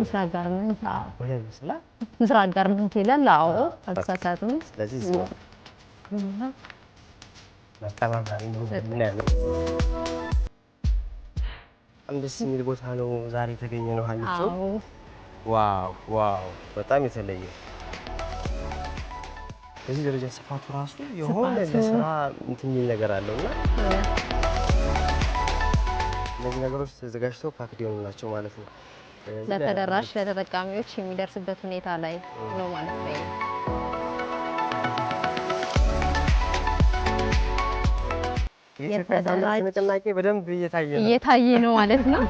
ምስራቅ ጋርመንት ምስራቅ ጋርመንት ይላል። አዎ አልተሳሳትም። በጣም ደስ የሚል ቦታ ነው ዛሬ የተገኘ ነው። ዋው ዋው! በጣም የተለየ በዚህ ደረጃ ስፋቱ ራሱ የሆነ ለስራ እንትን የሚል ነገር አለው እና እነዚህ ነገሮች ተዘጋጅተው ፓክድ የሆኑ ናቸው ማለት ነው። ለተደራሽ ለተጠቃሚዎች የሚደርስበት ሁኔታ ላይ ነው ማለት ነው። የኢትዮጵያ ሳምንት ንቅናቄ በደንብ እየታየ ነው ማለት ነው።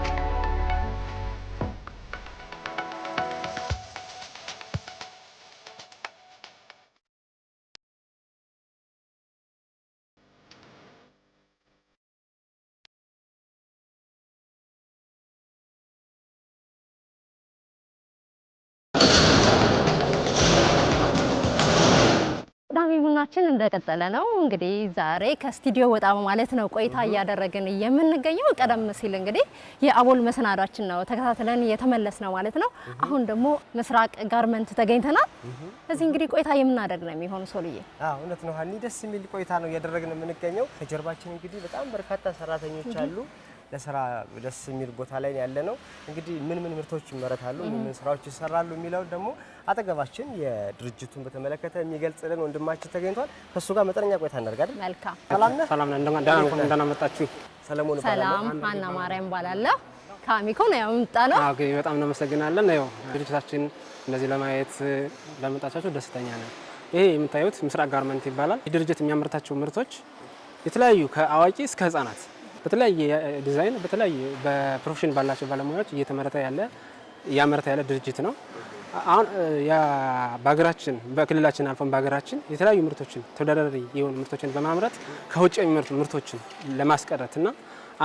ቤተሰብ እንደቀጠለ ነው። እንግዲህ ዛሬ ከስቱዲዮ ወጣ ማለት ነው ቆይታ እያደረግን የምንገኘው። ቀደም ሲል እንግዲህ የአቦል መሰናዷችን ነው ተከታትለን የተመለስ ነው ማለት ነው። አሁን ደግሞ ምስራቅ ጋርመንት ተገኝተናል። እዚህ እንግዲህ ቆይታ የምናደርግ ነው የሚሆኑ ሶልዬ። አዎ እውነት ነው ሀኒ፣ ደስ የሚል ቆይታ ነው እያደረግን የምንገኘው። ከጀርባችን እንግዲህ በጣም በርካታ ሰራተኞች አሉ። ለስራ ደስ የሚል ቦታ ላይ ያለ ነው። እንግዲህ ምን ምን ምርቶች ይመረታሉ፣ ምን ምን ስራዎች ይሰራሉ የሚለው ደግሞ አጠገባችን የድርጅቱን በተመለከተ የሚገልጽልን ወንድማችን ተገኝቷል። ከእሱ ጋር መጠነኛ ቆይታ እናደርጋለን። መልካም ሰላም ነህ? ሰላም ነህ? እንደምን አመጣችሁ? ሰለሞን ሰላም ሀና ማርያም እባላለሁ። ከአሚኮ ነው ያመጣ ነው። በጣም እናመሰግናለን። ያው ድርጅታችን እንደዚህ ለማየት ለመጣቻቸው ደስተኛ ነን። ይሄ የምታዩት ምስራቅ ጋርመንት ይባላል። ይህ ድርጅት የሚያመርታቸው ምርቶች የተለያዩ ከአዋቂ እስከ ህጻናት በተለያየ ዲዛይን በተለያየ በፕሮፌሽን ባላቸው ባለሙያዎች እየተመረተ ያለ እያመረተ ያለ ድርጅት ነው። አሁን በሀገራችን በክልላችን አልፎም በሀገራችን የተለያዩ ምርቶችን ተወዳዳሪ የሆኑ ምርቶችን በማምረት ከውጭ የሚመርቱ ምርቶችን ለማስቀረት እና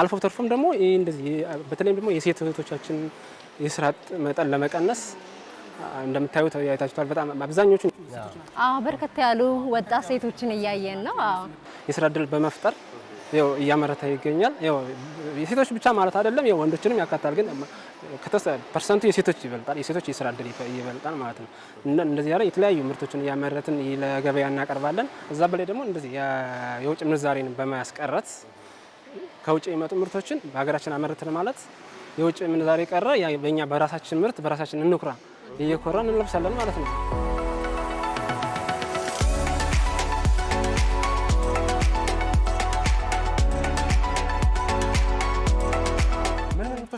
አልፎ ተርፎም ደግሞ እንደዚህ በተለይም ደግሞ የሴት እህቶቻችን የስራ መጠን ለመቀነስ እንደምታዩት ያይታችኋል። በጣም አብዛኞቹ በርከት ያሉ ወጣት ሴቶችን እያየን ነው። የስራ እድል በመፍጠር እያመረተ ይገኛል። የሴቶች ብቻ ማለት አይደለም፣ ወንዶችንም ያካታል ግን ፐርሰንቱ የሴቶች ይበልጣል፣ የሴቶች የስራ እድል ይበልጣል ማለት ነው። እንደዚህ ያለ የተለያዩ ምርቶችን እያመረትን ለገበያ እናቀርባለን። እዛ በላይ ደግሞ እንደዚህ የውጭ ምንዛሬን በማያስቀረት ከውጭ የሚመጡ ምርቶችን በሀገራችን አመረትን ማለት የውጭ ምንዛሬ ቀረ፣ በእኛ በራሳችን ምርት በራሳችን እንኩራ፣ እየኮራ እንለብሳለን ማለት ነው።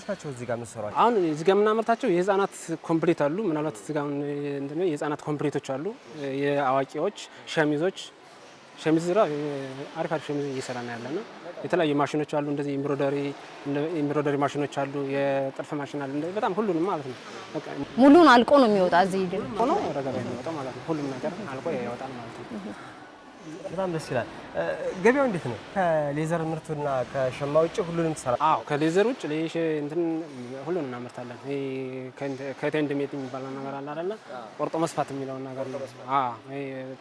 አምርታችሁ እዚህ ጋር የምትሰሯ? አሁን እዚህ ጋር የምናመርታቸው የህፃናት ኮምፕሊት አሉ። ምናልባት እዚህ ጋር የህፃናት ኮምፕሊቶች አሉ፣ የአዋቂዎች ሸሚዞች ሸሚዝ ስራ አሪፍ አሪፍ ሸሚዝ እየሰራ ነው ያለና የተለያዩ ማሽኖች አሉ። እንደዚህ ኤምብሮደሪ ማሽኖች አሉ፣ የጥልፍ ማሽን አሉ። እንደዚህ በጣም ሁሉንም ማለት ነው ሙሉን አልቆ ነው የሚወጣ እዚህ ሆኖ ወደ ገበያ ማለት ነው። ሁሉም ነገር አልቆ ይወጣል ማለት ነው። በጣም ደስ ይላል። ገበያው እንዴት ነው? ከሌዘር ምርቱና ከሸማ ውጭ ሁሉንም ትሰራ? አዎ፣ ከሌዘር ውጭ እንትን ሁሉን እናመርታለን። ከቴንድ ሜት የሚባለው ነገር አለ አይደለ? ቆርጦ መስፋት የሚለውን ነገር ነው።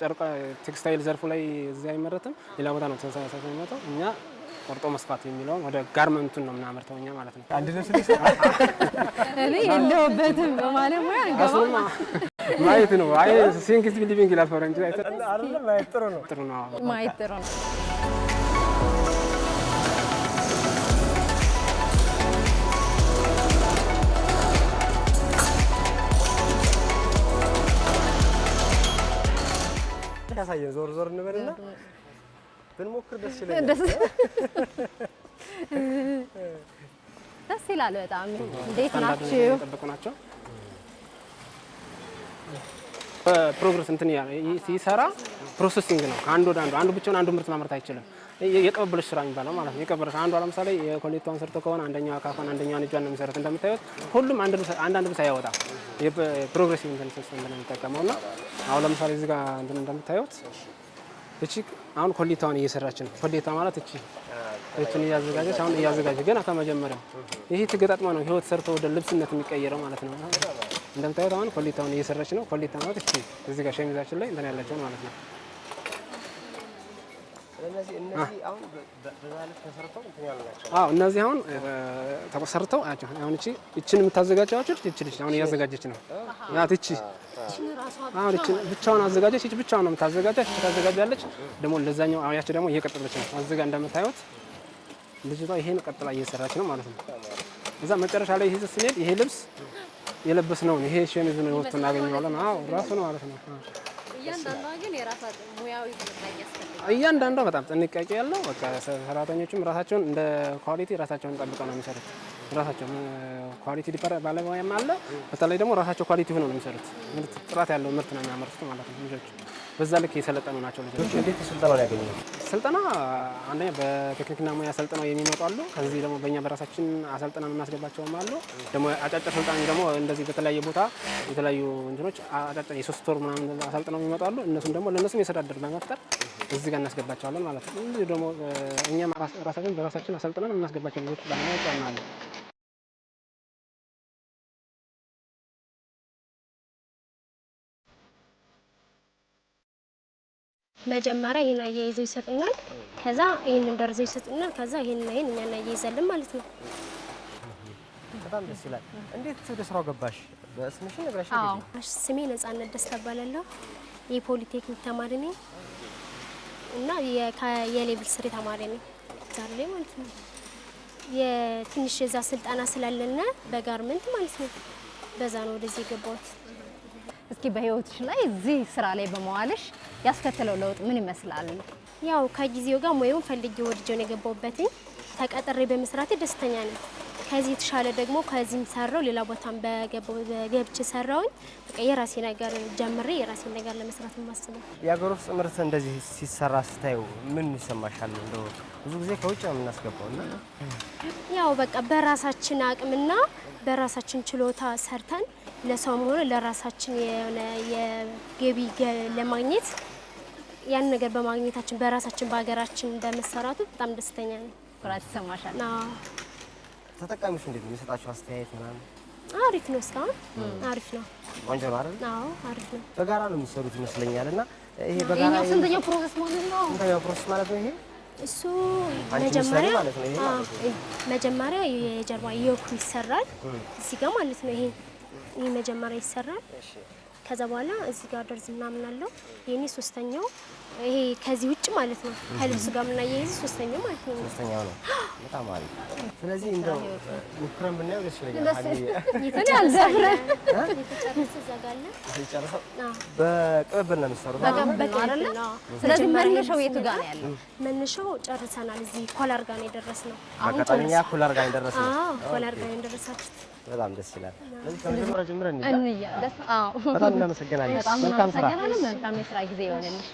ጨርቅ ቴክስታይል ዘርፉ ላይ እዚህ አይመረትም፣ ሌላ ቦታ ነው ተሳሳት የሚመጣው። እኛ ቆርጦ መስፋት የሚለውን ወደ ጋርመንቱን ነው የምናመርተው እኛ ማለት ነው። አንድ ነው እኔ የለሁበትም በማለሙያ ገባ ማየት ነው። አይ ሲንክስ ቢሊቪንግ ይላል ፈረንጅ አይደለም። ማየት ጥሩ ነው። ጥሩ ነው። ማየት ጥሩ ነው። ያሳየን ዞር ዞር እንበልና ብንሞክር ደስ ይለኛል። ደስ ይላል በጣም። እንዴት ናችሁ? ፕሮግረስ እንትን ሲሰራ ፕሮሰሲንግ ነው። አንዱ ወደ አንዱ አንዱ ብቻውን አንዱ ምርት ማምረት አይችልም። የቀበለች ስራ የሚባለው ማለት ነው። የቀበለች አንዷ ለምሳሌ የኮሌቷን ሰርቶ ከሆነ አንደኛው አካፋን አንደኛዋን እጇን ነው የሚሰሩት። እንደምታዩት ሁሉም አንዳንድ ብቻ ያወጣል። የፕሮግረሲቭ እንትን ሲስተም ብለን የሚጠቀመውና አሁን ለምሳሌ እዚህ ጋር እንትን እንደምታዩት እቺ አሁን ኮሌቷን እየሰራች ነው። ኮሌቷ ማለት እቺ እቺን እያዘጋጀች አሁን እያዘጋጀች ገና ከመጀመሪያው ይሄ ትገጣጥማ ነው ህይወት ሰርቶ ወደ ልብስነት የሚቀየረው ማለት ነው። እንደምታዩት አሁን ኮሊታውን እየሰራች ነው። ኮሊታ ማለት እቺ እዚህ ጋር ሸሚዛችን ላይ እንትን ያላቸው ማለት ነው። እነዚህ አሁን ተሰርተው ናቸው። አሁን እቺ እቺን የምታዘጋጀው እቺ ልጅ አሁን እያዘጋጀች ነው። ያት እቺ አሁን እቺ ብቻውን አዘጋጀች። እቺ ብቻውን ነው የምታዘጋጀች። እቺ ታዘጋጃለች ደግሞ ለዛኛው። አሁን ያቺ ደግሞ እየቀጠለች ነው። አዘጋ እንደምታዩት ልጅቷ ይሄን ቀጥላ እየሰራች ነው ማለት ነው። እዛ መጨረሻ ላይ ይሄ ስንሄድ ይሄ ልብስ የለበስ ነው። ይሄ ሸሚዝ ነው የወጡ እናገኘዋለን። አዎ ራሱ ነው ማለት ነው። እያንዳንዷ በጣም ጥንቃቄ ያለው በቃ ሰራተኞችም ራሳቸውን እንደ ኳሊቲ ራሳቸውን ጠብቀው ነው የሚሰሩት። ራሳቸው ኳሊቲ ባለሙያም አለ። በተለይ ደግሞ ራሳቸው ኳሊቲ ሆነው ነው የሚሰሩት። ጥራት ያለው ምርት ነው የሚያመርቱት ማለት ነው። ልጆች በዛ ልክ የሰለጠኑ ናቸው። ልጆች እንዴት ስልጠናውን ያገኛሉ? ስልጠና አንደኛ በቴክኒክና ሙያ ሰልጥነው የሚመጡ አሉ። ከዚህ ደግሞ በእኛ በራሳችን አሰልጥና የምናስገባቸውም አሉ። ደግሞ አጫጭር ስልጣን ደግሞ እንደዚህ በተለያየ ቦታ የተለያዩ እንትኖች አጫጭር የሶስት ወር ምናምን አሰልጥነው የሚመጡ አሉ። እነሱም ደግሞ ለእነሱም የስራ እድል በመፍጠር እዚህ ጋር እናስገባቸዋለን ማለት ነው። እንዲሁ ደግሞ እኛም ራሳችን በራሳችን አሰልጥነን የምናስገባቸው ልጆች ጫና አለን። መጀመሪያ ይሄን አያይዞ ይሰጥናል። ከዛ ይህንን ደርዘ ይሰጥናል። ከዛ ይሄን ይሄን እኛ እናያይዛለን ማለት ነው። በጣም ደስ ይላል። እንዴት ወደ ስራው ገባሽ? በስምሽ ነግራሽ። አዎ ስሜ ነጻነት ደስታ እባላለሁ። የፖሊቴክኒክ ተማሪ ነኝ እና የሌብል ስሪ ተማሪ ነኝ ዛሬ ላይ ማለት ነው። የትንሽ የዛ ስልጠና ስላለና በጋርመንት ማለት ነው። በዛ ነው ወደዚህ የገባሁት። እስኪ በህይወትሽ ላይ እዚህ ስራ ላይ በመዋልሽ ያስከተለው ለውጥ ምን ይመስላል? ያው ከጊዜው ጋር ሙያውን ፈልጌ ወድጀውን ነው የገባሁበትኝ። ተቀጥሬ በመስራቴ ደስተኛ ነኝ። ከዚህ የተሻለ ደግሞ ከዚህም ሰራው ሌላ ቦታም በገብቼ ሰራውኝ። በቃ የራሴ ነገር ጀምሬ የራሴ ነገር ለመስራት የማስበው። የሀገር ውስጥ ምርት እንደዚህ ሲሰራ ስታዩ ምን ይሰማሻል? እንደ ብዙ ጊዜ ከውጭ ነው የምናስገባው እና ያው በቃ በራሳችን አቅምና በራሳችን ችሎታ ሰርተን ለሰውም ሆነ ለራሳችን የሆነ የገቢ ለማግኘት ያን ነገር በማግኘታችን በራሳችን በሀገራችን በመሰራቱ በጣም ደስተኛ ነው። ኩራት ይሰማሻል? ተጠቃሚዎች እንዴት ነው የሚሰጣቸው አስተያየት ምናምን? አሪፍ ነው። እስካሁን አሪፍ ነው። ቆንጆ ነው አይደል? አዎ አሪፍ ነው። በጋራ ነው የሚሰሩት ይመስለኛል። እና ይሄ በጋራ ስንተኛው ፕሮሰስ ማለት ነው? ስንተኛው ፕሮሰስ ማለት ነው ይሄ እሱ መጀመሪያ መጀመሪያ የጀርባ ይሰራል እዚህ ጋር ማለት ነው። ይሄ ይሄ መጀመሪያ ይሰራል። ከዛ በኋላ እዚህ ጋር ደርዝ ምናምን አለው። የኔ ሶስተኛው ይሄ ከዚህ ውጭ ማለት ነው። ከልብስ ጋር ምና የይዝ ሶስተኛው ማለት ነው። ሶስተኛው ነው። በጣም አሪፍ። ስለዚህ እንደው ሙክረን ብናየው ደስ ይለኛል። መነሻው ጨርሰናል። እዚህ ኮላር ጋር ነው የደረስነው። አሁን ኮላር ጋር ነው የደረስነው። ኮላር ጋር ነው የደረሳችሁት በጣም ደስ ይላል። በጣም እናመሰግናለን። መልካም የስራ ጊዜ ይሆንልሽ።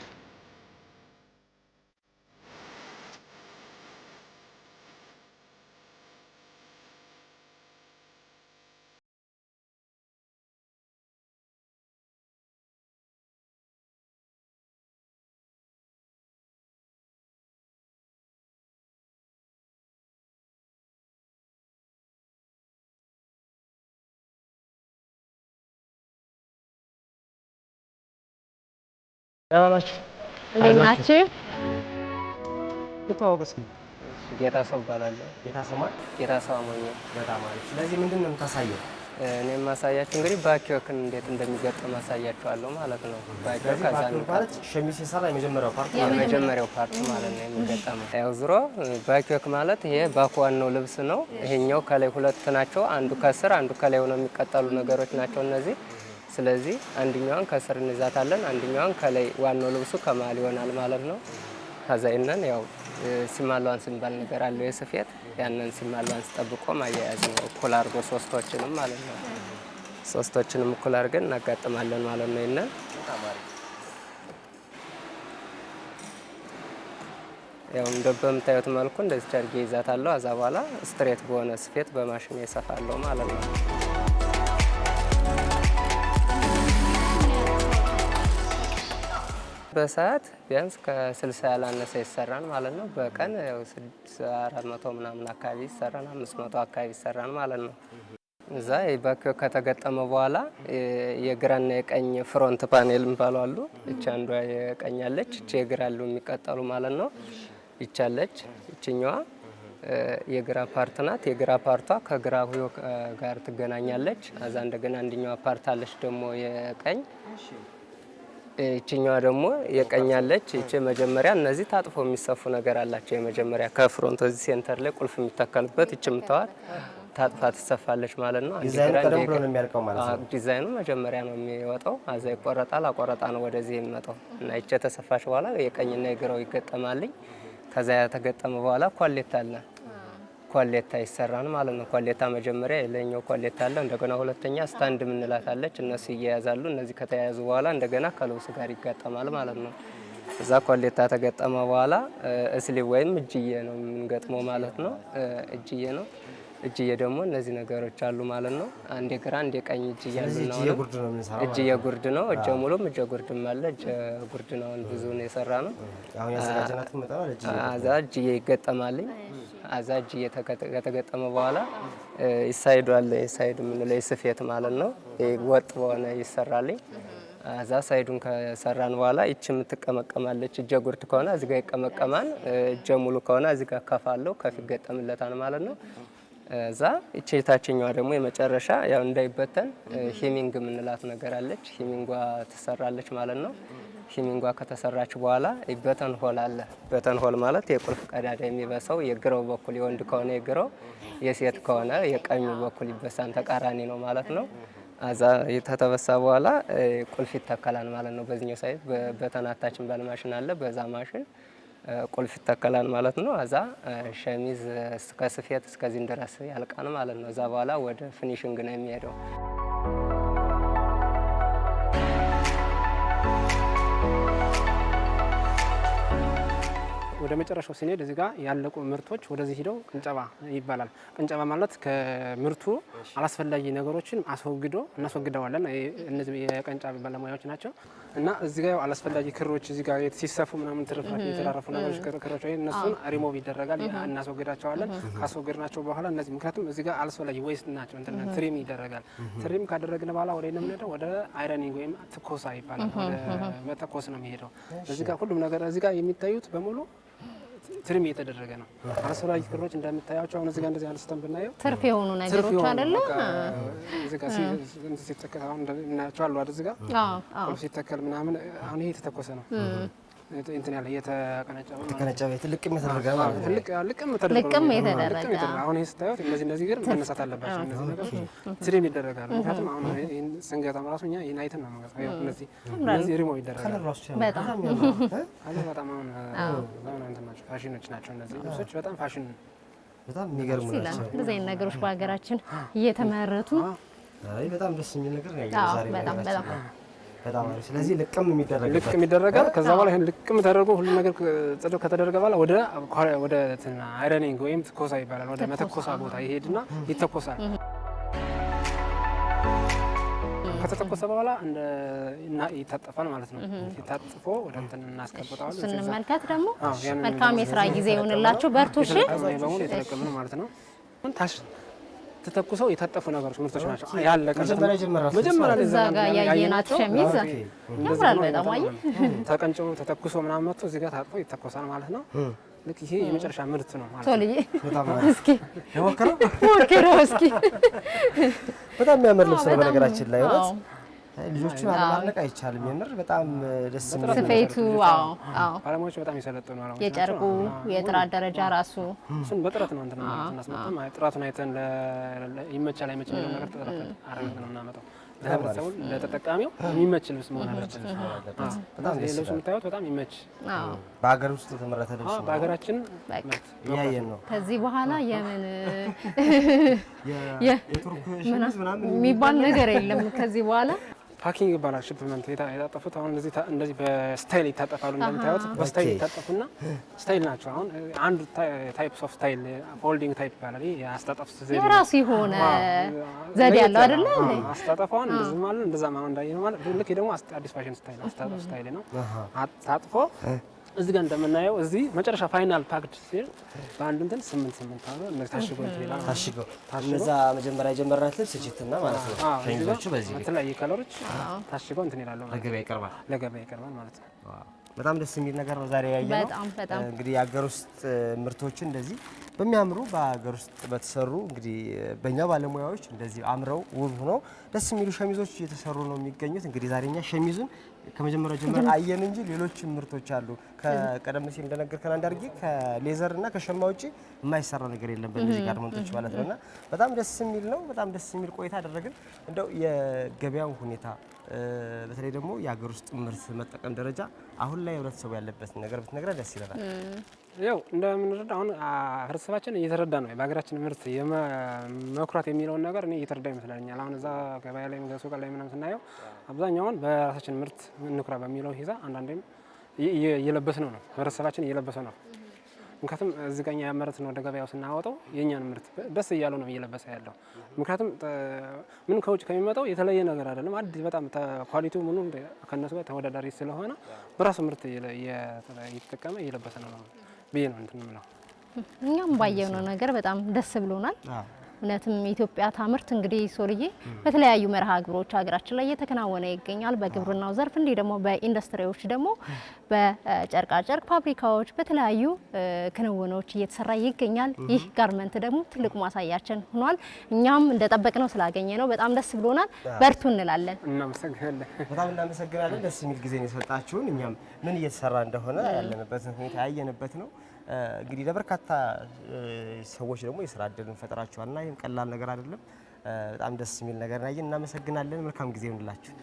ጌታሰው እባላለሁ። ጌታሰው አሞኛል። በጣም አሪፍ። ስለዚህ ምንድን ነው የምታሳየው? እኔ የማሳያችሁ እንግዲህ ባኪዎክን እንዴት እንደሚገጥም አሳያችኋለሁ ማለት ነው። ባኪዎክ ማለት ሸሚዝ ሲሰራ የመጀመሪያው ፓርት ማለት ነው የሚገጠመው። ያው ዙሮ ባኪዎክ ማለት ይሄ ባክ ዋናው ልብስ ነው። ይሄኛው ከላይ ሁለት ናቸው። አንዱ ከስር አንዱ ከላይ ሆነው የሚቀጠሉ ነገሮች ናቸው እነዚህ ስለዚህ አንድኛዋን ከስር እንይዛታለን፣ አንድኛዋን ከላይ ዋናው ልብሱ ከመሀል ይሆናል ማለት ነው። ከዛ ይህንን ያው ሲማሏን ሲባል ነገር አለው የስፌት ያንን ሲማሏን ስጠብቆ ማያያዝ ነው። እኩል አድርጎ ሶስቶችንም ማለት ነው። ሶስቶችንም እኩል አድርገን እናጋጥማለን ማለት ነው። ይነን ያው እንደ በምታዩት መልኩ እንደዚህ ጨርጌ ይዛታለሁ። አዛ በኋላ ስትሬት በሆነ ስፌት በማሽን ይሰፋለሁ ማለት ነው። በሰዓት ቢያንስ ከ60 ያላነሰ ይሰራን ማለት ነው። በቀን 400 ምናምን አካባቢ ይሰራን፣ 500 አካባቢ ይሰራን ማለት ነው። እዛ ባኪዮ ከተገጠመ በኋላ የግራና የቀኝ ፍሮንት ፓኔል የሚባለው አሉ። እቺ አንዷ የቀኝ አለች፣ እቺ የግራ አሉ የሚቀጠሉ ማለት ነው። ይቻለች እችኛዋ የግራ ፓርት ናት። የግራ ፓርቷ ከግራ ሁዮ ጋር ትገናኛለች። አዛ እንደገና አንድኛዋ ፓርት አለች ደግሞ የቀኝ ይችኛዋ ደግሞ የቀኛለች። ይች መጀመሪያ እነዚህ ታጥፎ የሚሰፉ ነገር አላቸው። የመጀመሪያ ከፍሮንቶ እዚህ ሴንተር ላይ ቁልፍ የሚተከልበት ይች ምተዋል ታጥፋ ትሰፋለች ማለት ነው። ዲዛይኑ መጀመሪያ ነው የሚወጣው። አዛ ይቆረጣል። አቆረጣ ነው ወደዚህ የሚመጣው እና ይቼ ተሰፋች በኋላ የቀኝና የግራው ይገጠማልኝ። ከዛ ያተገጠመ በኋላ ኳሌት አለ ኮሌታ ይሰራል ማለት ነው። ኮሌታ መጀመሪያ የላይኛው ኮሌታ አለ። እንደገና ሁለተኛ ስታንድ ምንላት አለች። እነሱ ይያያዛሉ። እነዚህ ከተያያዙ በኋላ እንደገና ከልብሱ ጋር ይገጠማል ማለት ነው። እዛ ኮሌታ ተገጠመ በኋላ እስሊ ወይም እጅዬ ነው የምንገጥመው ማለት ነው። እጅዬ ነው። እጅዬ ደግሞ እነዚህ ነገሮች አሉ ማለት ነው። አንድ የግራ አንድ የቀኝ እጅዬ ነው። እጅዬ ጉርድ ነው። እጀ ሙሉም እጀ ጉርድም አለ። እጀ ጉርድ ነው ብዙ ነው የሰራ ነው። እዛ እጅዬ ይገጠማልኝ አዛጅ ከተገጠመ በኋላ ይሳይዱ አለ ይሳይዱ የምንለው ስፌት ማለት ነው። ወጥ በሆነ ይሰራልኝ። አዛ ሳይዱን ከሰራን በኋላ ይች የምትቀመቀማለች። እጀ ጉርድ ከሆነ እዚጋ ይቀመቀማል። እጀ ሙሉ ከሆነ እዚጋ ከፋለው ከፍ ይገጠምለታል ማለት ነው። እዛ እቺ የታችኛዋ ደግሞ የመጨረሻ ያው እንዳይበተን ሂሚንግ የምንላት ነገር አለች። ሂሚንጓ ትሰራለች ማለት ነው። ሂሚንጓ ከተሰራች በኋላ በተን ሆል አለ። በተን ሆል ማለት የቁልፍ ቀዳዳ የሚበሳው የግራው በኩል የወንድ ከሆነ የግራው የሴት ከሆነ የቀኙ በኩል ይበሳን ተቃራኒ ነው ማለት ነው። አዛ የተተበሳ በኋላ ቁልፍ ይተከላል ማለት ነው። በዚህኛው ሳይት አታችን ባል ማሽን አለ። በዛ ማሽን ቁልፍ ይተከላል ማለት ነው። አዛ ሸሚዝ እስከ ስፌት እስከዚህ ድረስ ያልቃል ማለት ነው። እዛ በኋላ ወደ ፊኒሽንግ ነው የሚሄደው። ወደ መጨረሻው ስንሄድ እዚህ ጋር ያለቁ ምርቶች ወደዚህ ሂደው ቅንጨባ ይባላል። ቅንጨባ ማለት ከምርቱ አላስፈላጊ ነገሮችን አስወግዶ እናስወግደዋለን። እነዚህ የቀንጫ ባለሙያዎች ናቸው እና እዚህ ጋር አላስፈላጊ ክሮች እዚህ ጋር ሲሰፉ ምናምን ትርፋት የተዳረፉ ነገሮች ክሮች ወይ እነሱን ሪሞቭ ይደረጋል፣ እናስወግዳቸዋለን። ካስወገድናቸው በኋላ እነዚህ ምክንያቱም እዚህ ጋር አላስፈላጊ ዌስት ናቸው ትሪም ይደረጋል። ትሪም ካደረግን በኋላ ወደ ነምንሄደው ወደ አይረኒንግ ወይም ትኮሳ ይባላል። ወደ መተኮስ ነው የሚሄደው እዚህ ጋር ሁሉም ነገር እዚህ ጋር የሚታዩት በሙሉ ትርም እየተደረገ ነው። አላስፈላጊ ክሮች እንደምታያቸው አሁን እዚህ ጋር እንደዚህ አንስተን ብናየው ትርፍ የሆኑ ነገሮች አይደለ እዚህ ጋር ሲተከል አሁን እናያቸው አሉ አይደል እዚህ ጋር ሲተከል ምናምን አሁን ይሄ የተተኮሰ ነው። የተቀነጨበ ልቅም የተደረገ አሁን ይሄ ስታዩት እነዚህ እነዚህ ግን መነሳት አለባቸው። እነዚህ ነገሮች ትሪም ይደረጋሉ። ምክንያቱም አሁን ስንገጣም ራሱ እኛ ይሄን አይተን ነው ማለት እነዚህ እነዚህ ሪሞ ይደረጋሉ። በጣም አሁን አሁን እንትን ናቸው፣ ፋሽኖች ናቸው። እነዚህ ልብሶች በጣም ፋሽን በጣም የሚገርሙ ናቸው። እንደዚህ አይነት ነገሮች በሀገራችን እየተመረቱ በጣም ደስ የሚል ነገር ነው። ዛሬ በጣም በጣም በጣም አሪፍ። ስለዚህ ልቅም የሚደረግ ልቅም ይደረጋል። ከዛ በኋላ ይሄን ልቅም ተደርጎ ሁሉ ነገር ጽድቅ ከተደረገ በኋላ ወደ ወደ አይረኒንግ ወይም ትኮሳ ይባላል ወደ መተኮሳ ቦታ ይሄድና ይተኮሳል። ከተተኮሰ በኋላ ይታጠፋል ማለት ነው። ታጥፎ ወደ እንትን እናስቀምጠዋለን። ስንመልከት ደግሞ መልካም የስራ ጊዜ ይሆንላችሁ። በርቱሽ በሙሉ የተለቀምን ማለት ነው ታሽ ተተኩሰው የታጠፉ ነገሮች ምርቶች ናቸው። ያለቀ መጀመሪያ እዛ ጋር ያየናቸው ሸሚዝ ያምራል በጣም አይ ተቀንጭቦ ተተኩሶ ምናምን መጥቶ እዚህ ጋር ታጥፎ ይተኮሳል ማለት ነው። ልክ ይሄ የመጨረሻ ምርት ነው ማለት ነው። እስኪ ሞክረው እስኪ። በጣም የሚያምር ልብስ ነው በነገራችን ላይ ነው። ልጆቹን አለማድነቅ አይቻልም። የምር በጣም ደስ የሚል ስፌቱ፣ አዎ አዎ፣ ባለሙያዎቹ በጣም የሰለጠኑ የጨርቁ የጥራት ደረጃ ራሱ እሱን በጥረት ነው እንትን እናስመጣም። ጥራቱን አይተን ይመቻል አይመችም የሚለው ነገር ጥረት አረግ ነው እናመጣው። ለህብረተሰቡ ለተጠቃሚው የሚመች ልብስ መሆን አለበት። ልብሱ የምታዩት በጣም ይመች፣ በሀገር ውስጥ የተመረተ ልብስ በሀገራችን እያየን ነው። ከዚህ በኋላ የምን የሚባል ነገር የለም ከዚህ በኋላ ፓኪንግ ይባላል። ሽፕመንት የታጠፉት አሁን እንደዚህ በስታይል ይታጠፋሉ። እንደምታዩት በስታይል ይታጠፉና ስታይል ናቸው። አሁን አንዱ ታይፕ ኦፍ ስታይል ፎልዲንግ ታይፕ ይባላል። የአስታጠፍ የራሱ የሆነ ዘዴ ያለው አይደለ? አስታጠፍ አሁን እንደዚህም እንደዛ እንደዛም አሁን እንዳየነው ማለት ልክ ደግሞ አዲስ ፋሽን ስታይል አስታጠፍ ስታይል ነው። ታጥፎ እዚህ ጋር እንደምናየው እዚህ መጨረሻ ፋይናል ፓክድ ሲል በአንድ እንትን ስምንት ስምንት አለ እነዚህ ታሽጎ ይላል ታሽጎ እነዛ መጀመሪያ የጀመርናት ልብስ እጅትና ማለት ነው። ሸሚዞቹ በዚህ በተለያየ ከለሮች ታሽጎ እንትን ይላሉ ለገበያ ይቀርባል፣ ለገበያ ይቀርባል ማለት ነው። በጣም ደስ የሚል ነገር ነው ዛሬ ያየነው። በጣም በጣም እንግዲህ የሀገር ውስጥ ምርቶችን እንደዚህ በሚያምሩ በሀገር ውስጥ በተሰሩ እንግዲህ በእኛ ባለሙያዎች እንደዚህ አምረው ውብ ሆነው ደስ የሚሉ ሸሚዞች እየተሰሩ ነው የሚገኙት። እንግዲህ ዛሬኛ ሸሚዙን ከመጀመሪያው ጀምሮ አየን እንጂ ሌሎች ምርቶች አሉ። ከቀደም ሲል እንደነገርከን አንድ አድርጌ ከሌዘር እና ከሸማ ውጪ የማይሰራ ነገር የለም በእነዚህ ጋርመንቶች ማለት ነውና በጣም ደስ የሚል ነው። በጣም ደስ የሚል ቆይታ አደረግን። እንደው የገበያው ሁኔታ በተለይ ደግሞ የሀገር ውስጥ ምርት መጠቀም ደረጃ አሁን ላይ ህብረተሰቡ ያለበት ነገር ብትነግረ ደስ ይለናል። ያው እንደምንረዳ አሁን ህብረተሰባችን እየተረዳ ነው። በሀገራችን ምርት መኩራት የሚለውን ነገር እኔ እየተረዳ ይመስለኛል። አሁን እዛ ገበያ ላይ ሱቅ ላይ ምናምን ስናየው አብዛኛውን በራሳችን ምርት እንኩራ በሚለው ሂዛ አንዳንዴም እየለበስ ነው ነው ህብረተሰባችን እየለበሰ ነው። ምክንያቱም እዚህ ጋኛ ያመረት ነው ወደ ገበያው ስናወጣው የእኛን ምርት ደስ እያለው ነው እየለበሰ ያለው። ምክንያቱም ምን ከውጭ ከሚመጣው የተለየ ነገር አይደለም። አዲስ በጣም ኳሊቲው ምኑ ከእነሱ ጋር ተወዳዳሪ ስለሆነ በራሱ ምርት እየተጠቀመ እየለበሰ ነው። ብዬ ነው እንትን ምለው። እኛም ባየው ነው ነገር በጣም ደስ ብሎናል። እውነትም ኢትዮጵያ ታምርት እንግዲህ ሶልዬ በተለያዩ መርሃ ግብሮች ሀገራችን ላይ እየተከናወነ ይገኛል። በግብርናው ዘርፍ እንዲህ ደግሞ በኢንዱስትሪዎች ደግሞ በጨርቃጨርቅ ፋብሪካዎች በተለያዩ ክንውኖች እየተሰራ ይገኛል። ይህ ጋርመንት ደግሞ ትልቁ ማሳያችን ሆኗል። እኛም እንደጠበቅነው ስላገኘ ነው በጣም ደስ ብሎናል። በርቱ እንላለን። በጣም እናመሰግናለን። ደስ የሚል ጊዜ የሰጣችሁን እኛም ምን እየተሰራ እንደሆነ ያለንበትን ሁኔታ ያየንበት ነው። እንግዲህ ለበርካታ ሰዎች ደግሞ የስራ እድልን ፈጥራችኋልና ይህም ቀላል ነገር አይደለም። በጣም ደስ የሚል ነገር ናየን። እናመሰግናለን። መልካም ጊዜ ይሁንላችሁ።